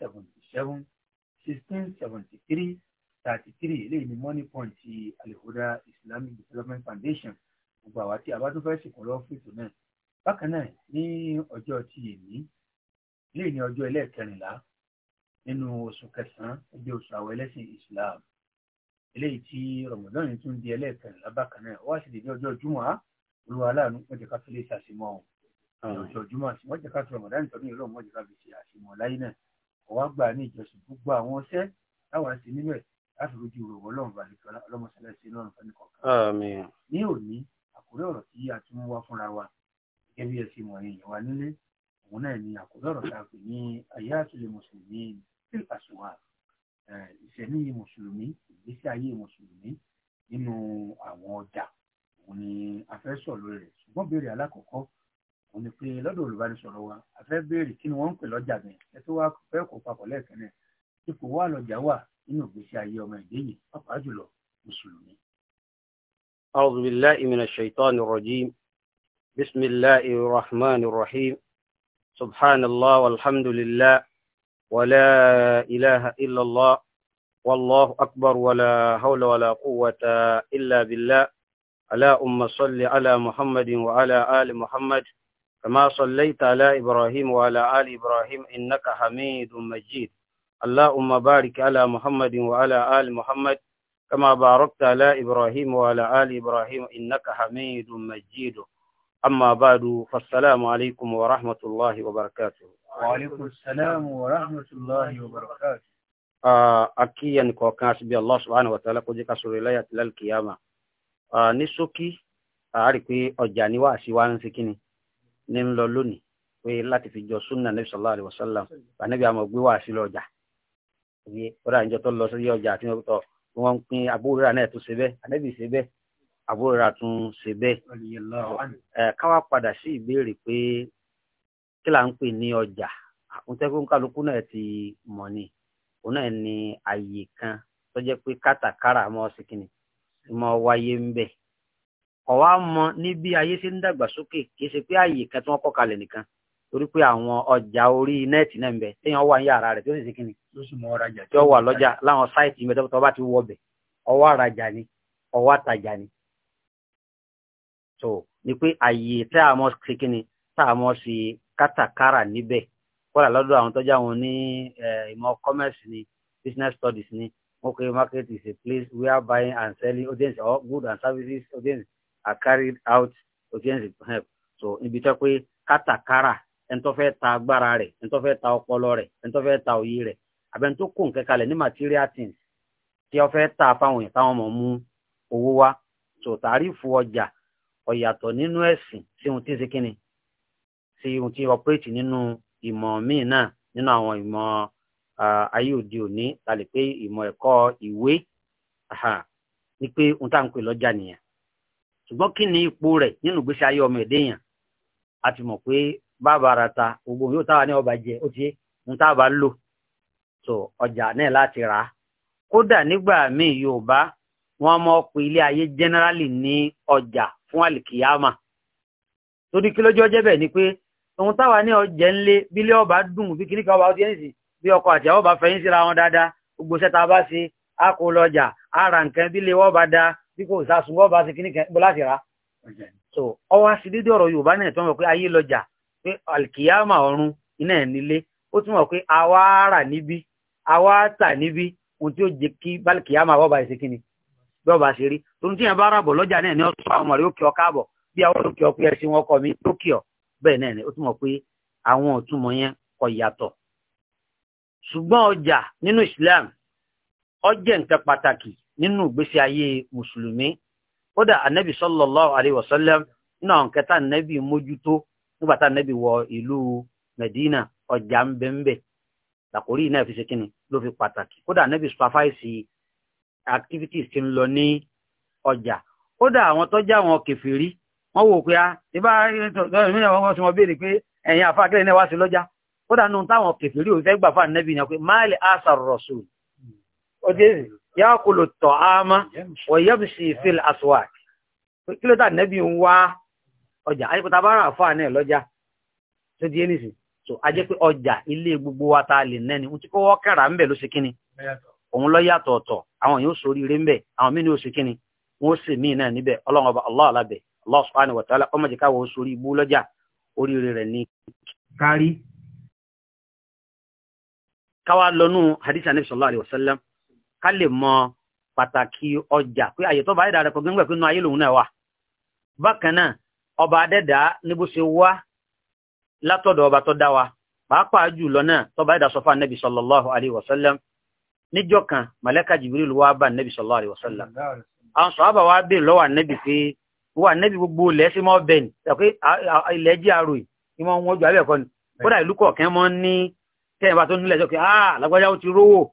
77 1673 33 eléyìí ni money point ti alihuda islamic development foundation gbogbo àwa tí a bá tún fẹ́ ṣèkọ́ lọ́wọ́ fètò náà bákan náà ní ọjọ́ ti èmi eléyìí ní ọjọ́ ẹlẹ́ẹ̀kẹrìnlá nínú oṣù kẹsàn-án ẹgbẹ́ oṣù àwọn ẹlẹ́sìn islam eléyìí tí rọmọdán yìí tún di ẹlẹ́ẹ̀kẹrìnlá bákan náà wá sí dèjì ọjọ́ júmọ̀ á olúwa aláàánú wọ́n jẹ́ ká fi lè ṣàṣìmọ́ ọ̀hún ọjọ́ júmọ̀ wọ́n jẹ́ ká fi rọmọdán tọ́jú ìlú ọ̀hún wọ́n jẹ́ ká fi ṣe láyé náà ọ̀wá gbà ní ìjọsìn gbogbo àwọn ọṣẹ́ táwa sí nínú ẹ̀ láti rojú rò wọ́n lọ́run balẹ̀ fọlá ọlọ́mọṣẹ́lẹ̀ sí lọ́run fẹ́ni kọ̀ọ̀kan. àmín. ní òní àkórí ọ̀rọ̀ tí a tún mú wá fúnra wa gẹ́gẹ́ bí ẹ ṣe mọ̀ ẹ̀yìn wa nílé òun náà ni àkórí ọ̀rọ̀ tá a pè ní ayé àtúlẹ̀ mùsùlùmí fíl àṣùwà ìṣẹ̀mí mùsùlùmí ìgbésí ayé mùsùlùmí nínú àwọn ọjà òun ni a fẹ́ sọ̀rọ̀ rẹ̀ ṣùgbọ́n béèrè alákọ̀ọ́kọ́ òun ni pé lọ́dọ̀ olùbánisọ̀rọ̀ wa a fẹ́ béèrè kí ni wọ́n ń pè lọ́jà mi ẹ tó wá fẹ́ kó papọ̀ lẹ́ẹ̀kan náà ipò wà lọ́jà wà nínú ìgbésí ayé ọmọ ìdẹ́yìn pàápàá jùlọ mùsùlùmí. أعوذ بالله من الشيطان الرجيم بسم الله الرحمن الرحيم سبحان الله والحمد لله ولا إله إلا الله والله أكبر ولا حول ولا قوة إلا بالله ألا أم صل على محمد وعلى آل محمد كما صليت على إبراهيم وعلى آل إبراهيم إنك حميد مجيد اللهم بارك على محمد وعلى آل محمد كما باركت على إبراهيم وعلى آل إبراهيم إنك حميد مجيد أما بعد فالسلام عليكم ورحمة الله وبركاته وعليكم السلام ورحمة الله وبركاته أكيا نكوكاس بي الله سبحانه وتعالى قدك سوري لا يتلال القيامة نسوكي أعرف أجاني وأسيوان سكيني ní ń lọ lónìí pé láti fi jọ súnà níbi sallallahu alaihi wasallam ànábì àmọ́ gbé wá sí lọ́jà òye kódà ìjọ tó lọ sí ọjà àti ọtọ wọn ń pín àbúrò náà tún ṣe bẹ́ẹ̀ ànábì ṣe bẹ́ẹ̀ àbúrò rà tún ṣe bẹ́ẹ̀ káwá padà sí ìbéèrè pé kí là ń pè ní ọjà àkúntẹ́kùn kálukú náà ti mọ̀ ni òun náà ni àyè kan tó jẹ́ pé kátàkárà mọ́ sí mọ́ wáyé ń bẹ́ẹ̀ ọ̀wá mọ ní ayé ṣe ń sókè kì í ṣe pé ààyè kan nìkan torí pé àwọn ọjà orí nẹ́ẹ̀tì náà ń bẹ téèyàn wà ní yàrá rẹ̀ tó sì ṣe kíni tí ó wà lọ́jà láwọn sáìtì ìbẹ̀ tó bá ti wọ ọbẹ̀ ọwọ́ àrajà ni ọwọ́ ni. ni pé ààyè tá a mọ̀ ṣe kíni tá a mọ̀ ṣe kátàkárà níbẹ̀ kọ́là àwọn tọ́jà wọn ní ìmọ̀ commerce ni business studies ni okay market is a place where buying and selling audience or goods and services are carried out against help so ibi tó pé kátàkárà ẹni tó fẹ́ ta agbára rẹ̀ ẹni tó fẹ́ ta ọpọlọ rẹ̀ ẹni fẹ́ ta òye rẹ̀ àbẹni tó kó nǹkan ní material things tí wọ́n fẹ́ ta fáwọn yẹn táwọn mọ̀ mú owó wá so tàrífù ọjà ọ̀yàtọ̀ nínú ẹ̀sìn sí ohun tí ń ṣe kínni sí ohun tí ọpẹ́rẹ́tì nínú ìmọ̀ míì náà nínú àwọn ìmọ̀ ayé òde òní ta pé ìmọ̀ ẹ̀kọ́ ìwé ni pé ohun tá à ń pè lọ́jà nìyẹn ṣùgbọ́n kí ni ipò rẹ̀ nínú ìgbésí ayé ọmọ èdè yàn a ti mọ̀ pé bàbá ara ta gbogbo yóò táwa ní ọba jẹ ó ti ń táwa lò so ọjà náà láti rà á kódà nígbà míì yorùbá wọn mọ pé ilé ayé generally ní ọjà fún àlìkìyàmà torí kí lójú ọjẹ ni pé táwa ní ọba dùn bí ọba ọkọ àti ọba síra wọn dáadáa gbogbo bá ṣe ra tí kò sásùnbọ́ bá ti kíní kan bọ́lá ti ra so ọwọ́ aṣídédé ọ̀rọ̀ yorùbá náà tó mọ̀ pé ayé lọ́jà pé alkiyama ọ̀run iná ẹ̀ nílé ó tún mọ̀ pé àwa rà níbí àwa tà níbí ohun tí ó jẹ kí balkiyama wọ́ba ṣe kíni bí ọba ṣe rí tòun tí yẹn bá ràbọ̀ lọ́jà náà ni ọ̀sán àwọn ọmọ rẹ̀ ó kí ọ káàbọ̀ bí àwọn Islam ó jẹ́ nǹkan pàtàkì nínú ìgbésí ayé mùsùlùmí kódà anabi sallallahu alayhi wa sallam nínú àwọn kẹta anabi mójútó nígbà tá anabi wọ ìlú medina ọjà ń bẹ ń bẹ làkórí náà fi ṣe kíni ló fi pàtàkì kódà anabi supervise activities ti ń lọ ní ọjà kódà àwọn tọ́jà àwọn kẹfìrí wọ́n wò pé a ah, ìbá ìrìnlẹ̀ wọn tí wọ́n béèrè pé ẹ̀yìn àfáàkẹ́lẹ̀ náà wá sí lọ́jà kódà nù táwọn kẹfìrí òfẹ́ gbà fún anabi náà pé máàlì asar rasul ó dé yákùlù tọ̀ ámá wọ̀yẹ́bùsì fil aswak kí ló dà nẹ́bí ń wá ọjà ayípọ̀ta lọ́jà di so a jẹ́ ọjà ilé gbogbo wa ta lè nẹ́ni ohun tí kò wọ́ kẹ́ra ń bẹ̀ ló ṣe kíni òun lọ yàtọ̀ àwọn yóò sórí ire ń bẹ̀ àwọn mí ni ó ṣe kíni wọ́n sì ká lè mọ pàtàkì ọjà pé àyè tó bá dẹ́dà rẹ̀ kò gbẹ́ngbẹ́ ayé lòun náà wà bákan náà ọba ṣe wá látọ̀dọ̀ ọba tó dá wa pàápàá jùlọ náà tó bá sọ fún anabi sallallahu alayhi wa sallam kan màlẹ́kà jibril wá anabi sallallahu alayhi wa sallam àwọn wa lọ́wọ́ anabi pé wọ́n anabi gbogbo ilẹ̀ mọ́ bẹ́ẹ̀ ni ilẹ̀ jẹ́ yìí wọ́n wọ́n abẹ́ẹ̀kọ́ ni kódà ìlú mọ́ ní tó nílẹ̀ ah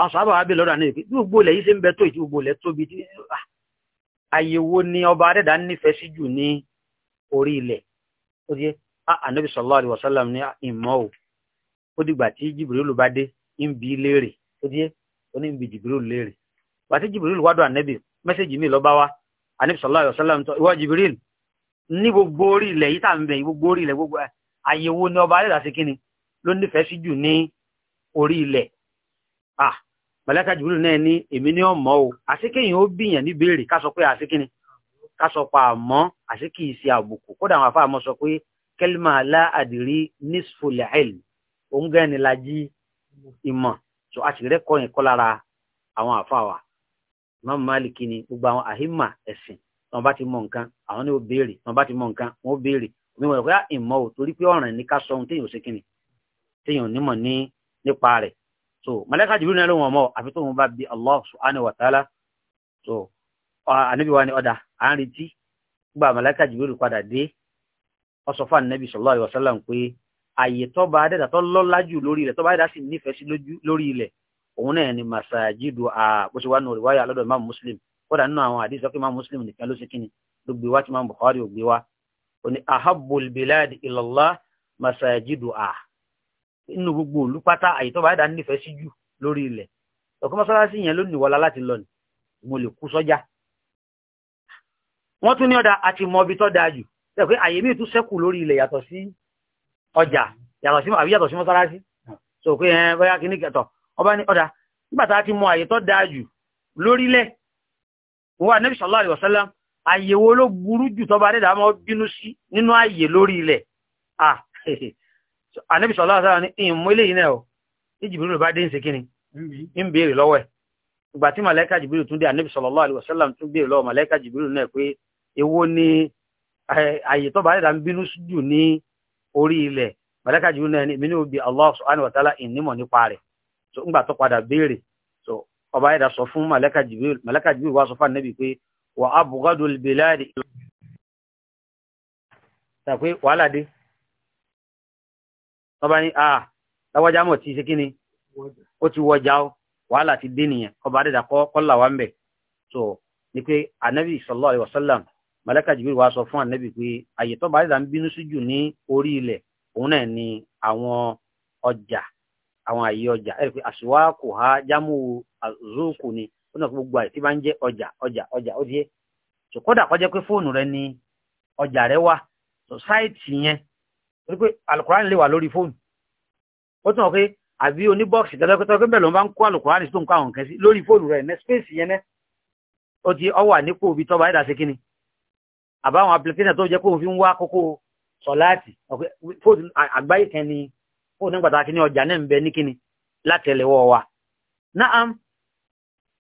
àṣàbà wà bí lọ́dọ̀ àná ìpín gbogbo ilẹ̀ yìí ṣe ń bẹ tó ìtí gbogbo ilẹ̀ tóbi tí ah, àyèwò ni ọba adẹ́dà nífẹ̀ẹ́ sí jù ní orí ilẹ̀ ó di ah, ànábì sallallahu alaihi wasallam ní ah, ìmọ̀ o ó dìgbà tí Jibrilu bá dé ń bi léèrè ó di ó ní ń bi Jibrilu léèrè wà tí Jibrilu wádùn ànábì mẹ́sẹ̀jì mi lọ́ba wa ànábì sallallahu alaihi wasallam tó ìwọ Jibril ní gbogbo orí ilẹ̀ yìí tà ń bẹ gbogbo orí ilẹ̀ gbogbo àyèwò ni ọba adẹ́dà sí kíni ló nífẹ̀ẹ́ sí jù ní orí ilẹ̀ ah màláíkà Jibril náà ní èmi ní ọmọ o àṣekéyìn ó bìyàn ní béèrè ká sọ pé àṣekíni ká sọ pa àmọ́ àṣekì í ṣe àbùkù kódà àwọn afáàmọ́ sọ pé kẹlímà aláàdìrí nisful ilm òun gẹ́ ni lajì ìmọ̀ tó a sì rẹ́kọ̀ọ́ yẹn kọ́ lára àwọn àfáàwà Imam Maliki ni gbogbo àwọn àhímà ẹ̀sìn wọn bá ti mọ nǹkan àwọn ní o béèrè wọn bá ti mọ nǹkan wọn ó béèrè omi wọn ìmọ̀ ò torí pé ọ̀ràn ní ká sọ ohun téèyàn ò ṣe kíni téèyàn ò nímọ̀ ní nípa rẹ̀ so màláíkà Jibril náà ló wọ̀n mọ́ àfi tóun bá bi Allah subhanahu wa ta'ala so ànábì wa ni ọ̀dà à ń retí gba màláíkà Jibril padà dé ó sọ fún ànábì sallallahu alaihi wasallam pé àyè tọ́ba adẹ́dà tó lọ́lá jù lórí rẹ̀ tọ́ba adẹ́dà sì nífẹ̀ẹ́ sí lórí ilẹ̀ òun náà ni masajidu a bó ṣe wá nù rí wáyà alọ́dọ̀ imam muslim kódà nínú àwọn àdìsọ́ pé imam muslim nìkan ló ṣe kíni ló gbé wá tí imam bukhari ò gbé wá ó ní bilad ilallah masajidu a nínú gbogbo òlú pátá àyètọ́ bá dà nífẹ̀ẹ́ sí jù lórí ilẹ̀ ọ̀kọ́ mọ́sálásí yẹn ló nìwọlá láti lọ ni mo lè kú sọ́jà wọ́n tún ní ọ̀dà àti mọ ibi tó dáa jù ṣe pé àyè míì tún sẹ́kù lórí ilẹ̀ yàtọ̀ sí ọjà yàtọ̀ sí àbí yàtọ̀ sí mọ́sálásí sọ pé ẹ bóyá kí ní kẹtọ̀ ọba ní ọ̀dà nígbà tá a ti mọ àyè tó dáa jù lórílẹ̀ wọ́n Ànábì sallallahu alaihi wasallam àyèwò ló burú jù tọ́ba adédàmọ́ bínú sí nínú àyè lórí ah ànábì sọ̀lá àsára ní ìmú ilé yìí náà ọ̀ ní ba bá dé ń ṣe kíni ń béèrè lọ́wọ́ ẹ̀ ìgbà tí màlẹ́kà jìbìrì tún dé tún béèrè lọ́wọ́ màlẹ́kà jìbìrì náà pé èwo ni Ẹ tó bá dẹ̀ ń bínú jù ní orí náà Allah subhanahu wa ta'ala nípa so ńgbà tó padà béèrè so ọba sọ fún wá sọ ọba ní à láwájá mọ̀ tí ṣe kíni ó ti wọjà ó wàhálà ti dé nìyẹn ọba adẹ́dà kọ́là wa ń bẹ̀ so ni pé anabi sallallahu alaihi malaka jibril wa sọ fún anabi pé àyè tọ́ba adẹ́dà ń bínú sí jù ní orí ilẹ̀ òun náà ni àwọn ọjà àwọn àyè ọjà ẹ̀rí pé àṣìwákò ha jámù àzókù ni ó náà gbogbo àyè tí bá ń jẹ́ ọjà ọjà ọjà ó di yé so kódà kọjá pé fóònù rẹ ni ọjà rẹ wà so sáìtì yẹn torí pé alukurani lè wà lórí fóònù ó tún wọ́n pé àbí oní bọ́ọ̀sì tẹ́lẹ́kọ́tọ́ pé bẹ́ẹ̀ ló ń bá ń kó alukurani tó ń kó àwọn nǹkan sí lórí fóònù rẹ̀ ní spéèsì yẹn ó ti ọwà nípò ibi tọ́ba ẹ̀dá sí kíni àbáwọn apilikéṣà tó jẹ́ kóun fi ń wá kókó sọ̀láàtì fóònù àgbáyé kan ni fóònù nígbà tá kíní ọjà náà ń bẹ ní kíni látẹ̀lẹ́wọ́ wa náà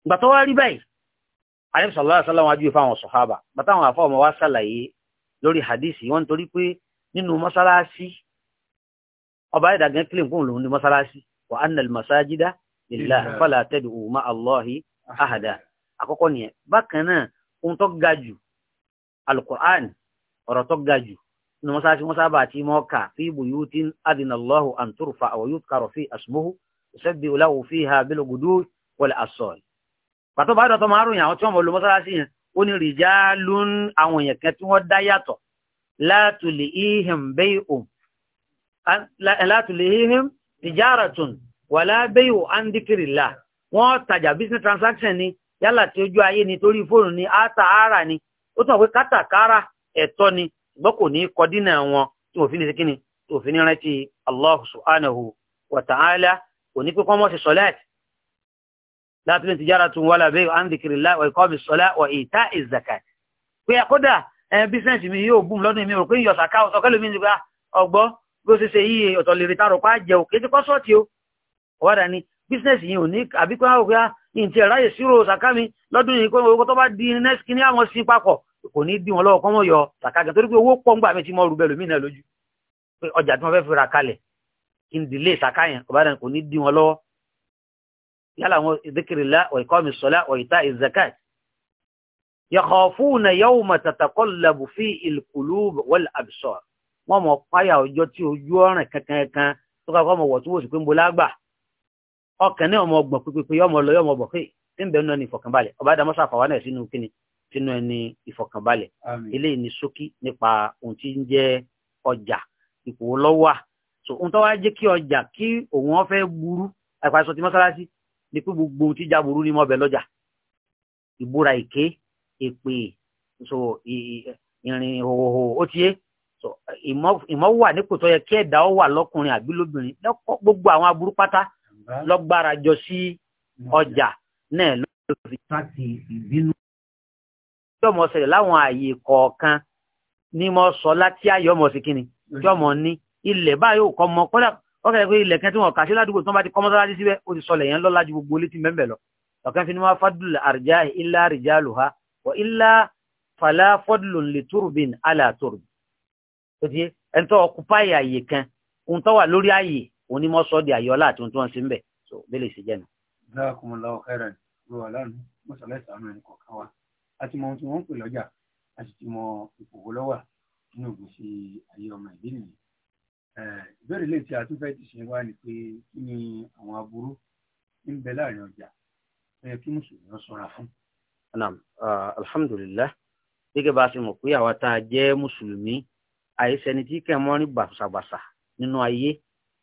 gbà tó wá rí fáwọn sọ̀hábà bàtàwọn àfọ́ ọmọ wa sàlàyé lórí hadisi torí pé nínú mọ́sálásí ọba ìdàgán kílè fún òun ní mọ́sálásí wa annal masajida lillah fala tad'u ma'a Allahi ahada àkọ́kọ́ nìyẹn bákan náà ohun tó ga jù alukur'an ọ̀rọ̀ tó ga jù nínú mọ́sálásí wọ́n sábà ti mọ́ kà fi buyutin adina Allahu an turfa wa yudhkara fi asmuhu yusabbihu lahu fiha bil ghuduwi wal asal pàtó bá dọ̀tọ̀ márùn-ún àwọn tí wọ́n mọ̀ lọ mọ́sálásí yẹn ó ní rìjálún àwọn èèyàn kan tí wọ́n dá yàtọ̀ látùlé ihim bẹ́yò látùlé ihim tijaratun wàlá bẹ́yò andikirila wọ́n tajà business transaction ni yálà tí ojú ayé ni torí fóònù ni áta ara ni ó tàn pé kátàkárà ẹ̀tọ́ ni ṣùgbọ́n kò ní kọdínà wọn tí wọ́n fi ní síkíní tí wọ́n fi ní rántí Allah subhanahu wa ta'ala kò ní pé kọ́mọ́sí sọ́láàtì látùlé tijaratun wàlá bẹ́yò andikirila wà ìkọ́ mi wà ìta ìzàkàtì pé kódà bísẹ̀nsì mi yóò bùn lọ́dún mi rò pé ìyọ̀sà ká ọ̀sọ̀ kẹ́lómi ní gbà ah, ọgbọ́ bí ó ṣe ṣe yíye ọ̀tọ̀ lè retá rọ̀pá jẹ́ òkè tí kọ́ sọ́ọ̀tì o ọ̀wádà ni bísẹ̀nsì yìí ò ní àbí pé àwọn òkèá yìí ti ráyè sírò ṣàká mi lọ́dún yìí kó tó bá di next kí ní àwọn sí papọ̀ kò ní bí wọn lọ́wọ́ kọ́ mọ̀ yọ ṣàká gẹ̀ torí pé owó pọ̀ ńgbà mi ti mọ rúbẹ̀ lómìnà lójú pé ọjà tí wọ́n fẹ́ fi ra kalẹ̀ kí n dìlé ṣàká yẹn ọ̀bá dà kò ní bí wọn lọ́wọ́ yálà àwọn ìdíkìrìlá ọ̀ìkọ́ mi sọ́lá ọ̀ìta ìzakat yakhafuna yawma tataqallabu fihi al-qulub wal absar wọ́n mọ̀ páyà ọjọ́ tí ojú ọ̀rìn kankan kan tó kọ́kọ́ mọ̀ wọ̀tí wòsì pé ń bo lágbà ọkàn ní ọmọ ọgbọ̀n pípípé yọmọ lọ yọmọ bọ̀ pé tí ń bẹ̀ nínú ẹni ìfọ̀kànbalẹ̀ ọba dàmọ́ sàfàwà náà sínú kíni sínú ẹni ìfọ̀kànbalẹ̀ eléyìí ni ṣókí nípa ohun tí ń jẹ́ ọjà ipò èpè so ìrìn òhòhò ó ti yé so ìmọ̀ wà nípò tó yẹ kí ẹ̀dá ó wà lọ́kùnrin àbí lóbìnrin lọ́kọ́ gbogbo àwọn aburú pátá lọ́gbára jọ sí ọjà náà lọ́dọ̀ fi láti ìbínú. yọmọ ṣẹlẹ̀ láwọn ààyè kọ̀ọ̀kan ni mo sọ láti àyọmọ sí kíni yọmọ ní ilẹ̀ báyìí ò kọ́ mọ kọ́dà ọkẹ́ pé ilẹ̀ kan tí wọ́n kà sí ládùúgbò tí wọ́n bá ti kọ́ mọ́sálásí síbẹ̀ ó ti sọlẹ̀ yẹn lọ́lá ju gbogbo létí mẹ́mbẹ̀ lọ ọ̀kan fi ni wọ́n fádùn àrìjá ilá àrìjá lòhá wa illa fàlà fọ́dùlùn lè turbin àlà turbin ó ti ẹni tó ọkùpáì àyè kan ohun tó wà lórí àyè onímọ̀ sọ di àyọ́lá àti ohun tó ń sí ń bẹ̀ so bẹ́ẹ̀ lè ṣe jẹ́ nu. jazakumullahu khairan ló wà lánàá mọ́sálá ìsàánú ẹni kọ̀ọ̀kan wa àti mọ ohun tí wọ́n ń pè lọ́jà àti ti mọ ìpòwó lọ́wà nínú ìgbésí ayé ọmọ ìdí nìyí. ìbéèrè lè ti àtúnfẹ́ ti ṣe wá ni pé kí ni àwọn aburú ń bẹ láàrin ọjà ẹ kí mùsùlùmí ọ ṣọ́ra fún naam ah, Alhamdulillah. gẹ́gẹ́ bá a ṣe mọ̀ pé àwa tá a jẹ́ mùsùlùmí àìsẹni tí kẹ́ mọ́ ní gbàsàgbàsà nínú ayé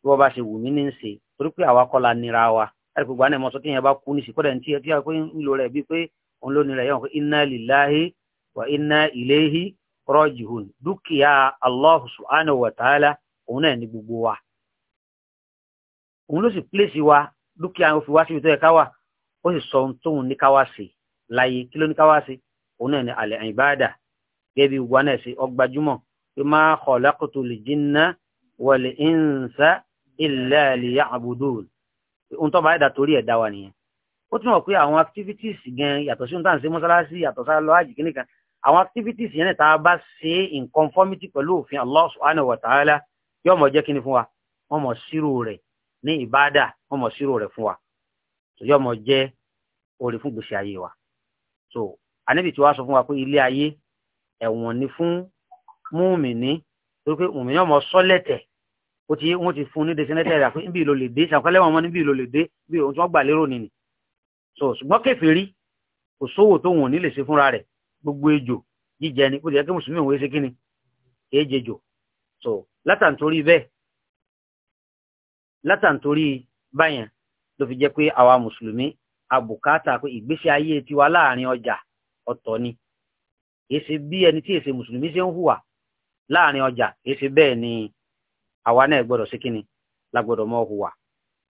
bí wọ́n bá ṣe wù mí ní ń ṣe torí pé àwa kọ́ la nira wa láti gbogbo àná ìmọ̀ sọ tí yẹn bá kú ní ìsìnkọ́dẹ̀ ní tí yẹn pé ń lo rẹ̀ bíi pé òun ló nira yẹn pé inna lillahi wa inna ilayhi rajihun dúkìá allah subhanahu wa ta'ala òun náà ní gbogbo wa òun ló sì pílèsì wa dúkìá òfin wá síbi tó yẹ ká wà ó sì sọ ohun tóun ní ká wá sí i láyé kí ló ní ká wá sí òun náà ni alẹ́ ìbáàdà gẹ́gẹ́ bí wa náà sí ọgbàjúmọ̀ pé ma khalaqtul jinna wal insa illa liya'budun ohun tó bá yẹ dà torí ẹ̀ dá wa nìyẹn ó túnmọ̀ pé àwọn activities gan yàtọ̀ sí ohun tá à ń ṣe mọ́sálásí yàtọ̀ sá lọ àjì kìnìkan àwọn activities yẹn tá a bá ṣe in conformity pẹ̀lú òfin Allah subhanahu wa ta'ala yóò mọ̀ jẹ́ kíni fún wa wọ́n mọ̀ sírò rẹ̀ ní ìbáàdà wọ́n mọ̀ sírò rẹ̀ fún wa yóò mọ̀ jẹ́ orí fún gbèsè ayé wa so ànábì tí wàá sọ fún wa pé ilé ayé ẹ̀wọ̀n ni fún múmìnì torí pé múmìnì ọmọ sọ́lẹ̀tẹ̀ ó ti wọ́n ti fún ní desinẹ́tẹ̀ rà pé níbi ìlò lè dé ṣàkọlẹ̀ wọn mọ́ níbi ìlò lè dé bí ohun tí wọ́n gbà lérò nìyí so ṣùgbọ́n kèfèrí kò sówò tó wọn ò ní lè ṣe fúnra rẹ̀ gbogbo ejò jíjẹ ni kó ti kí mùsùlùmí òun ṣe kí ni èé jejò so látàntorí bẹ́ẹ̀ látàntorí báyẹn ló fi jẹ́ pé àwa mùsùlùmí abùkátà pé ìgbésí ayé tiwa láàrin ọjà ọ̀tọ̀ ni èsì bí ẹni tí èsì mùsùlùmí ṣe ń hùwà láàrin ọjà èsì bẹ́ẹ̀ ni àwa náà gbọ́dọ̀ sí kíni la gbọ́dọ̀ mọ hùwà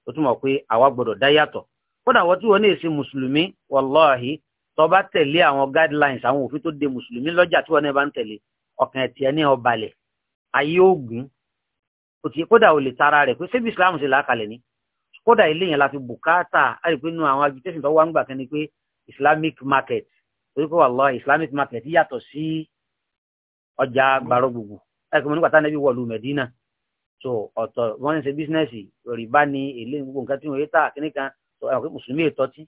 ó túmọ̀ pé àwa gbọ́dọ̀ dá yàtọ̀ kódà wọ́n tí wọ́n ní èsì mùsùlùmí wàláhì tó bá àwọn guidelines àwọn òfin tó de mùsùlùmí lọ́jà tí wọ́n náà bá ń tẹ̀lé ọkàn ẹ̀tì ẹ̀ ní ọbalẹ̀ ayé ògùn kódà ò lè tara rẹ̀ pé ṣébi Islam ṣe làákàlẹ̀ ni kódà ilé yẹn la fi bukata, àti pé nu àwọn agitation tó wá ń gbà kan pé islamic market torí pé islamic market yàtọ̀ sí ọjà gbàrọ̀ gbogbo àti pé mo nígbà tá nẹ́bí wọ̀lú Medina so ọ̀tọ̀ wọ́n ń ṣe bísínẹ́sì rìbá ni èlé gbogbo nǹkan tí wọ́n yé tà kíní kan ẹ̀wọ̀n pé mùsùlùmí ètò ọtí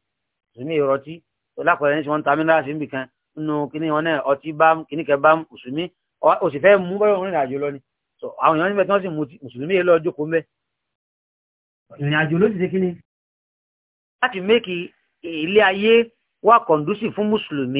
mùsùlùmí èrò ọtí tó lápẹ̀rẹ̀ ní wọ́n ń ta mineral sí nìkan nínú kíní wọn náà ọtí bá kíní kan bá mùsùlùmí ó sì fẹ́ mú bẹ́ẹ̀ òun rìnrìn àjò lọ ni so àwọn èèyàn níbẹ̀ tí wọ́n sì mùsùlùmí èlò ọjọ́ kó mẹ́ẹ̀ ìrìn àjò ló ti ṣe kí ni. láti méèkì ilé ayé wà kọ̀ǹdúsì fún mùsùlùmí